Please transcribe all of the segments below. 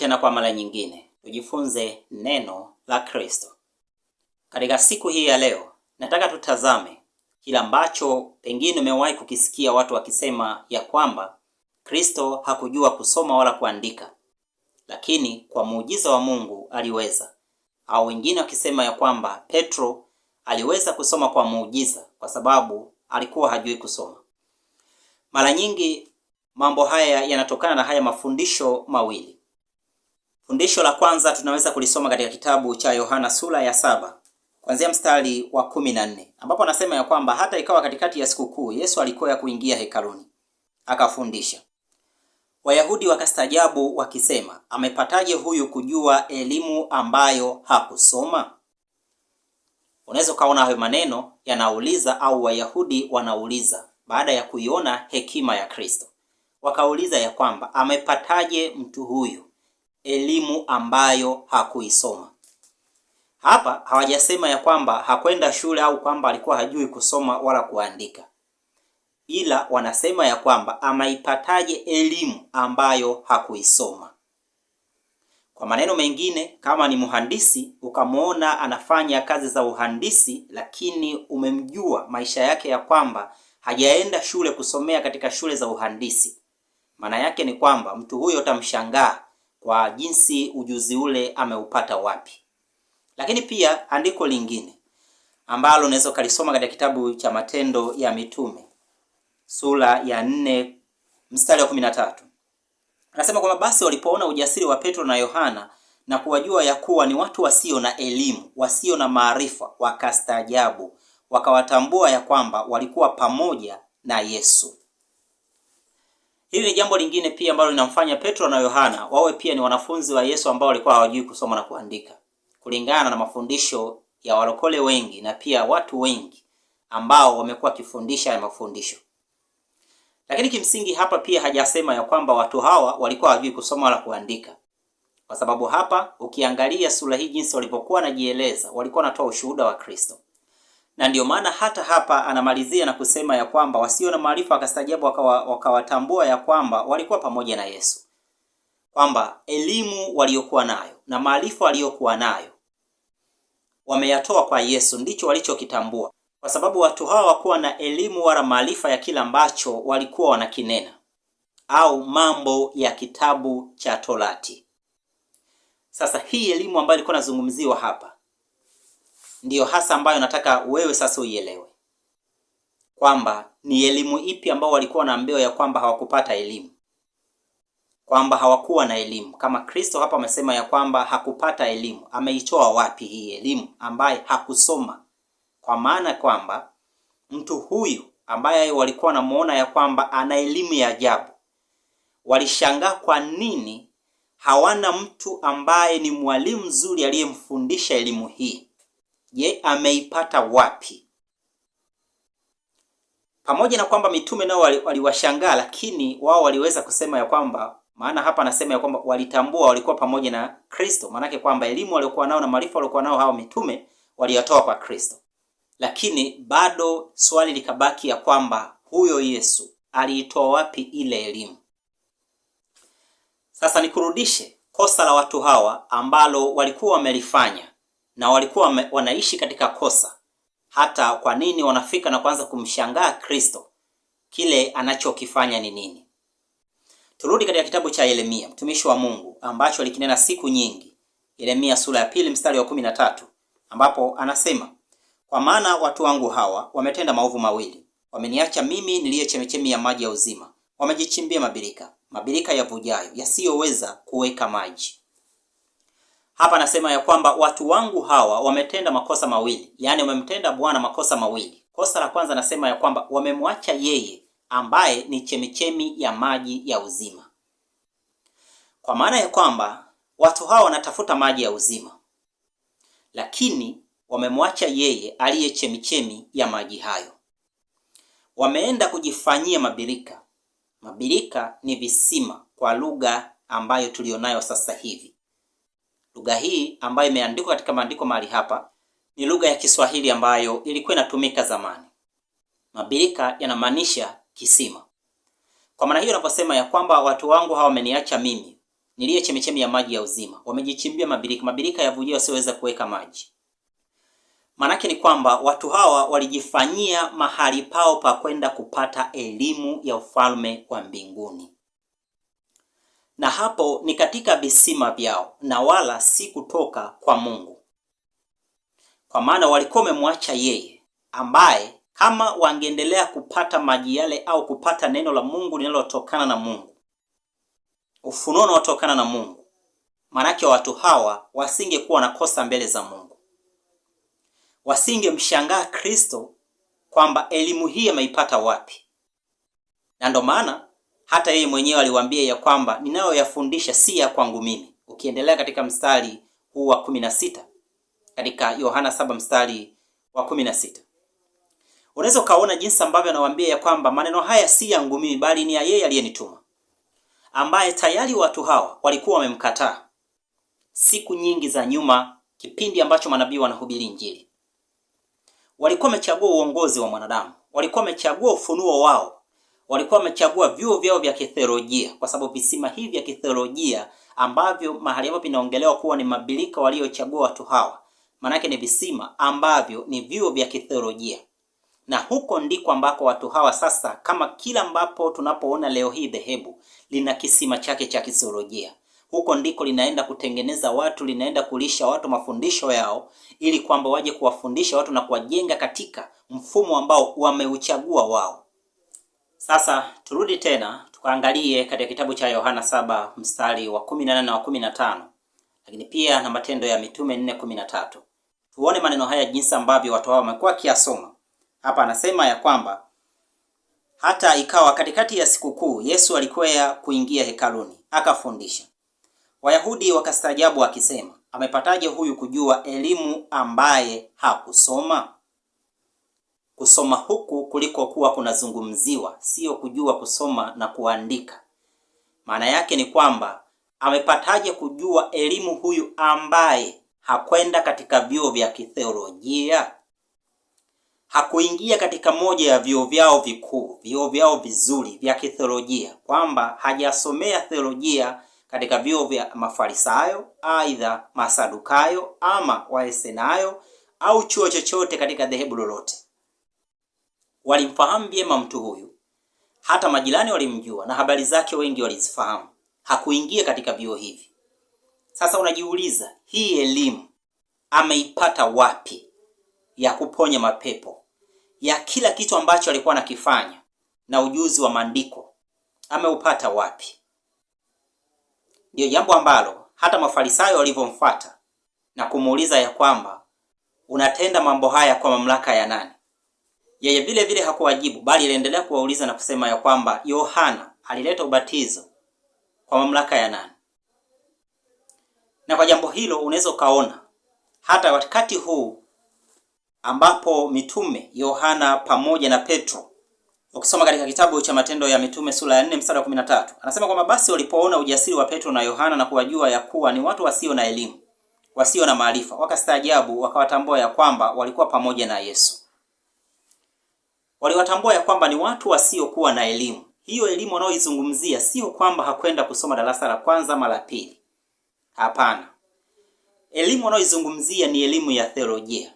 tena kwa mara nyingine tujifunze neno la Kristo. Katika siku hii ya leo, nataka tutazame kile ambacho pengine umewahi kukisikia watu wakisema ya kwamba Kristo hakujua kusoma wala kuandika, lakini kwa muujiza wa Mungu aliweza, au wengine wakisema ya kwamba Petro aliweza kusoma kwa muujiza, kwa sababu alikuwa hajui kusoma. Mara nyingi mambo haya yanatokana na haya mafundisho mawili. Fundisho la kwanza tunaweza kulisoma katika kitabu cha Yohana sura ya saba kuanzia mstari wa kumi na nne ambapo anasema ya kwamba hata ikawa katikati ya sikukuu Yesu alikuwa kuingia hekaluni akafundisha. Wayahudi wakastajabu wakisema, amepataje huyu kujua elimu ambayo hakusoma? Unaweza ukaona hayo maneno yanauliza au Wayahudi wanauliza baada ya kuiona hekima ya Kristo, wakauliza ya kwamba amepataje mtu huyu elimu ambayo hakuisoma. Hapa hawajasema ya kwamba hakwenda shule au kwamba alikuwa hajui kusoma wala kuandika, ila wanasema ya kwamba amaipataje elimu ambayo hakuisoma. Kwa maneno mengine, kama ni mhandisi ukamwona anafanya kazi za uhandisi, lakini umemjua maisha yake ya kwamba hajaenda shule kusomea katika shule za uhandisi, maana yake ni kwamba mtu huyo utamshangaa kwa jinsi ujuzi ule ameupata wapi. Lakini pia andiko lingine ambalo unaweza ukalisoma katika kitabu cha Matendo ya Mitume sura ya nne mstari wa kumi na tatu anasema kwamba basi walipoona ujasiri wa Petro na Yohana na kuwajua ya kuwa ni watu wasio na elimu, wasio na maarifa, wakastaajabu, wakawatambua ya kwamba walikuwa pamoja na Yesu. Hili ni jambo lingine pia ambalo linamfanya Petro na Yohana wawe pia ni wanafunzi wa Yesu ambao walikuwa hawajui kusoma na kuandika, kulingana na mafundisho ya walokole wengi na pia watu wengi ambao wamekuwa wakifundisha ya mafundisho. Lakini kimsingi hapa pia hajasema ya kwamba watu hawa walikuwa hawajui kusoma wala kuandika, kwa sababu hapa ukiangalia sura hii jinsi walivyokuwa wanajieleza, walikuwa wanatoa ushuhuda wa Kristo na ndio maana hata hapa anamalizia na kusema ya kwamba wasio na maarifa wakastajabu wakawatambua waka ya kwamba walikuwa pamoja na Yesu, kwamba elimu waliokuwa nayo na maarifa waliokuwa nayo wameyatoa kwa Yesu, ndicho walichokitambua, kwa sababu watu hawa wakuwa na elimu wala maarifa ya kila ambacho walikuwa wanakinena au mambo ya kitabu cha Torati. Sasa hii elimu ambayo ilikuwa inazungumziwa hapa ndiyo hasa ambayo nataka wewe sasa uielewe kwamba ni elimu ipi ambao walikuwa na mbeo ya kwamba hawakupata elimu kwamba hawakuwa na elimu kama kristo hapa amesema ya kwamba hakupata elimu ameitoa wapi hii elimu ambaye hakusoma kwa maana kwamba mtu huyu ambaye walikuwa wanamuona ya kwamba ana elimu ya ajabu walishangaa kwa nini hawana mtu ambaye ni mwalimu mzuri aliyemfundisha elimu hii Je, ameipata wapi? Pamoja na kwamba mitume nao waliwashangaa, lakini wao waliweza kusema ya kwamba maana hapa anasema ya kwamba walitambua walikuwa pamoja na Kristo, maanake kwamba elimu waliokuwa nao na maarifa waliokuwa nao hawa mitume waliyatoa kwa Kristo, lakini bado swali likabaki ya kwamba huyo Yesu aliitoa wapi ile elimu? Sasa nikurudishe kosa la watu hawa ambalo walikuwa wamelifanya na walikuwa wanaishi katika kosa. Hata kwa nini wanafika na kuanza kumshangaa Kristo? Kile anachokifanya ni nini? Turudi katika kitabu cha Yeremia mtumishi wa Mungu ambacho alikinena siku nyingi, Yeremia sura ya pili mstari wa kumi na tatu ambapo anasema, kwa maana watu wangu hawa wametenda maovu mawili, wameniacha mimi niliye chemichemi ya maji ya uzima, wamejichimbia mabirika, mabirika yavujayo yasiyoweza kuweka maji. Hapa nasema ya kwamba watu wangu hawa wametenda makosa mawili, yaani wamemtenda Bwana makosa mawili. Kosa la kwanza nasema ya kwamba wamemwacha yeye ambaye ni chemichemi ya maji ya uzima, kwa maana ya kwamba watu hawa wanatafuta maji ya uzima, lakini wamemwacha yeye aliye chemichemi ya maji hayo. Wameenda kujifanyia mabirika. Mabirika ni visima kwa lugha ambayo tuliyonayo sasa hivi Lugha hii ambayo imeandikwa katika maandiko mahali hapa ni lugha ya Kiswahili ambayo ilikuwa inatumika zamani. Mabirika yanamaanisha kisima. Kwa maana hiyo, unaposema ya kwamba watu wangu hawa wameniacha mimi niliye chemichemi ya maji ya uzima, wamejichimbia mabirika, mabirika ya yavujia wasioweza kuweka maji. Maanake ni kwamba watu hawa walijifanyia mahali pao pa kwenda kupata elimu ya ufalme wa mbinguni na hapo ni katika visima vyao na wala si kutoka kwa Mungu, kwa maana walikuwa wamemwacha yeye, ambaye kama wangeendelea kupata maji yale au kupata neno la Mungu linalotokana na Mungu, ufunuo unaotokana na Mungu, maanake watu hawa wasingekuwa wanakosa mbele za Mungu, wasingemshangaa Kristo kwamba elimu hii ameipata wapi, na ndio maana hata yeye mwenyewe aliwaambia ya kwamba ninayoyafundisha si ya kwangu mimi. Ukiendelea katika mstari huu wa 16 katika Yohana 7 mstari wa 16 unaweza ukaona jinsi ambavyo anawaambia ya kwamba maneno haya si yangu mimi, bali ni ya yeye aliyenituma, ambaye tayari watu hawa walikuwa wamemkataa siku nyingi za nyuma, kipindi ambacho manabii wanahubiri Injili. Walikuwa wamechagua uongozi wa mwanadamu, walikuwa wamechagua ufunuo wao walikuwa wamechagua vyuo vyao vya kitheolojia, kwa sababu visima hivi vya kitheolojia ambavyo mahali hapo vinaongelewa kuwa ni mabilika waliochagua watu hawa, maanake ni visima ambavyo ni vyuo vya kitheolojia, na huko ndiko ambako watu hawa sasa, kama kila ambapo tunapoona leo hii dhehebu lina kisima chake cha kitheolojia huko ndiko linaenda kutengeneza watu, linaenda kulisha watu mafundisho yao, ili kwamba waje kuwafundisha watu na kuwajenga katika mfumo ambao wameuchagua wao. Sasa turudi tena tukaangalie katika kitabu cha Yohana saba mstari wa 14 na wa tano lakini pia na Matendo ya Mitume 4:13. Tuone maneno haya jinsi ambavyo watu hao wamekuwa kiasoma. Hapa anasema ya kwamba hata ikawa katikati ya sikukuu Yesu alikwea kuingia hekaluni akafundisha. Wayahudi wakastaajabu akisema amepataje huyu kujua elimu ambaye hakusoma? kusoma huku kuliko kuwa kunazungumziwa, siyo kujua kusoma na kuandika. Maana yake ni kwamba amepataje kujua elimu huyu ambaye hakwenda katika vyuo vya kitheolojia? Hakuingia katika moja ya vyuo vyao vikuu, vyuo vyao vizuri vya kitheolojia, kwamba hajasomea theolojia katika vyuo vya Mafarisayo, aidha Masadukayo ama Waesenayo au chuo chochote katika dhehebu lolote. Walimfahamu vyema mtu huyu, hata majirani walimjua na habari zake wengi walizifahamu. Hakuingia katika vyuo hivi. Sasa unajiuliza, hii elimu ameipata wapi ya kuponya mapepo, ya kila kitu ambacho alikuwa anakifanya, na ujuzi wa maandiko ameupata wapi? Ndiyo jambo ambalo hata Mafarisayo walivyomfuata na kumuuliza ya kwamba unatenda mambo haya kwa mamlaka ya nani? Yeye vile vile hakuwajibu, bali aliendelea kuwauliza na kusema ya kwamba Yohana alileta ubatizo kwa mamlaka ya nani? Na kwa jambo hilo unaweza ukaona hata wakati huu ambapo mitume Yohana pamoja na Petro, ukisoma katika kitabu cha Matendo ya Mitume sura ya 4 mstari wa 13, anasema kwamba basi walipoona ujasiri wa Petro na Yohana na kuwajua ya kuwa ni watu wasio na elimu, wasio na maarifa, wakastaajabu, wakawatambua ya kwamba walikuwa pamoja na Yesu waliwatambua ya kwamba ni watu wasiokuwa na elimu. Hiyo elimu wanayoizungumzia sio kwamba hakwenda kusoma darasa la kwanza ama la pili, hapana. Elimu wanayoizungumzia ni elimu ya theolojia,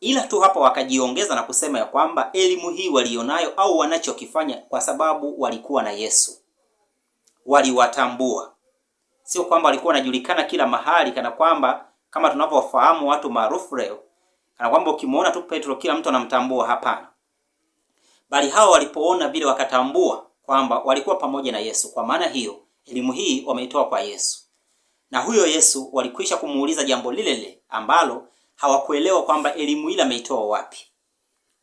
ila tu hapa wakajiongeza na kusema ya kwamba elimu hii walionayo au wanachokifanya, kwa sababu walikuwa na Yesu, waliwatambua. Sio kwamba walikuwa wanajulikana kila mahali, kana kwamba kama tunavyofahamu watu maarufu leo, kana kwamba ukimwona tu Petro kila mtu anamtambua. Hapana bali hao walipoona vile wakatambua kwamba walikuwa pamoja na Yesu. Kwa maana hiyo elimu hii wameitoa kwa Yesu, na huyo Yesu walikwisha kumuuliza jambo lile lile ambalo hawakuelewa kwamba elimu ile ameitoa wapi.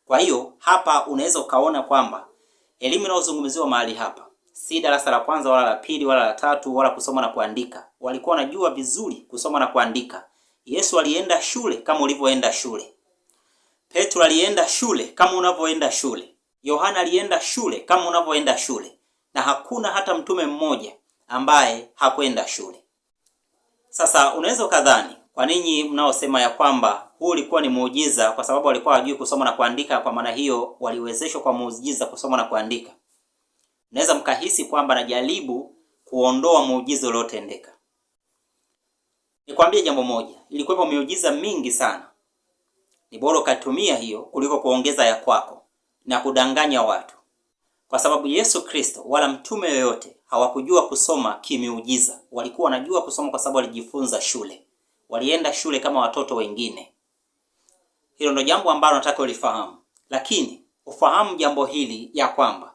Kwa hiyo hapa unaweza ukaona kwamba elimu inayozungumziwa mahali hapa si darasa la kwanza wala la pili wala la tatu wala kusoma na kuandika. Walikuwa wanajua vizuri kusoma na kuandika. Yesu alienda shule kama ulivyoenda shule. Petro alienda shule kama unavyoenda shule. Yohana alienda shule kama unavyoenda shule, na hakuna hata mtume mmoja ambaye hakwenda shule. Sasa unaweza ukadhani kwa ninyi mnaosema ya kwamba huu ulikuwa ni muujiza kwa sababu walikuwa hawajui kusoma na kuandika, kwa maana hiyo waliwezeshwa kwa muujiza kusoma na kuandika, naweza mkahisi kwamba najaribu kuondoa muujiza uliotendeka. Nikwambie jambo moja, ilikuwepo miujiza mingi sana, ni bora ukatumia hiyo kuliko kuongeza ya kwako na kudanganya watu, kwa sababu Yesu Kristo wala mtume yoyote hawakujua kusoma kimiujiza. Walikuwa wanajua kusoma kwa sababu walijifunza shule, walienda shule kama watoto wengine. Hilo ndo jambo ambalo nataka ulifahamu, lakini ufahamu jambo hili ya kwamba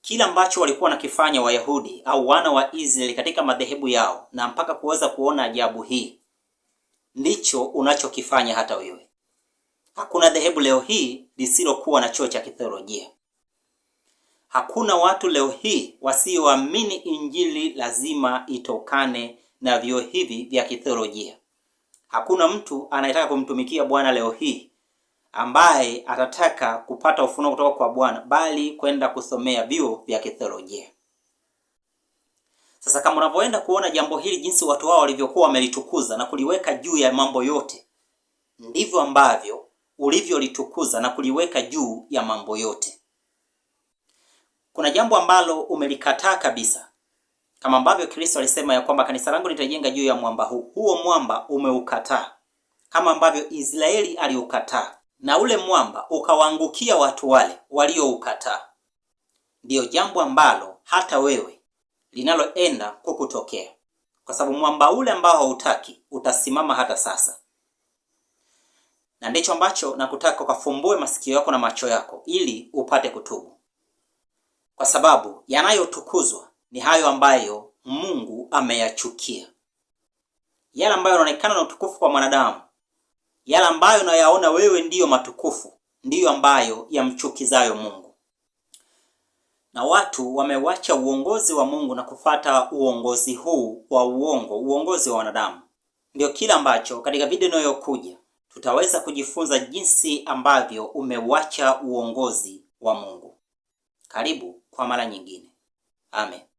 kila ambacho walikuwa wanakifanya Wayahudi au wana wa Israeli katika madhehebu yao na mpaka kuweza kuona ajabu hii, ndicho unachokifanya hata wewe. Hakuna dhehebu leo hii lisilokuwa na chuo cha kitheolojia. Hakuna watu leo hii wasioamini injili lazima itokane na vyuo hivi vya kitheolojia. Hakuna mtu anayetaka kumtumikia Bwana leo hii ambaye atataka kupata ufunuo kutoka kwa Bwana, bali kwenda kusomea vyuo vya kitheolojia. Sasa kama unavyoenda kuona jambo hili, jinsi watu wao walivyokuwa wamelitukuza na kuliweka juu ya mambo yote, ndivyo ambavyo ulivyolitukuza na kuliweka juu ya mambo yote. Kuna jambo ambalo umelikataa kabisa, kama ambavyo Kristo alisema ya kwamba kanisa langu litajenga juu ya mwamba huu. Huo mwamba umeukataa, kama ambavyo Israeli aliukataa, na ule mwamba ukawaangukia watu wale walioukataa. Ndiyo jambo ambalo hata wewe linaloenda kukutokea, kwa sababu mwamba ule ambao hautaki utasimama hata sasa na ndicho ambacho nakutaka ukafumbue masikio yako na macho yako ili upate kutubu, kwa sababu yanayotukuzwa ni hayo ambayo Mungu ameyachukia. Yale ambayo yanaonekana na utukufu kwa mwanadamu, yale ambayo unayaona wewe ndiyo matukufu, ndiyo ambayo yamchukizayo Mungu. Na watu wamewacha uongozi wa Mungu na kufata uongozi huu wa uongo, uongozi wa wanadamu. Ndiyo kile ambacho katika video inayokuja tutaweza kujifunza jinsi ambavyo umeuacha uongozi wa Mungu. Karibu kwa mara nyingine. Amen.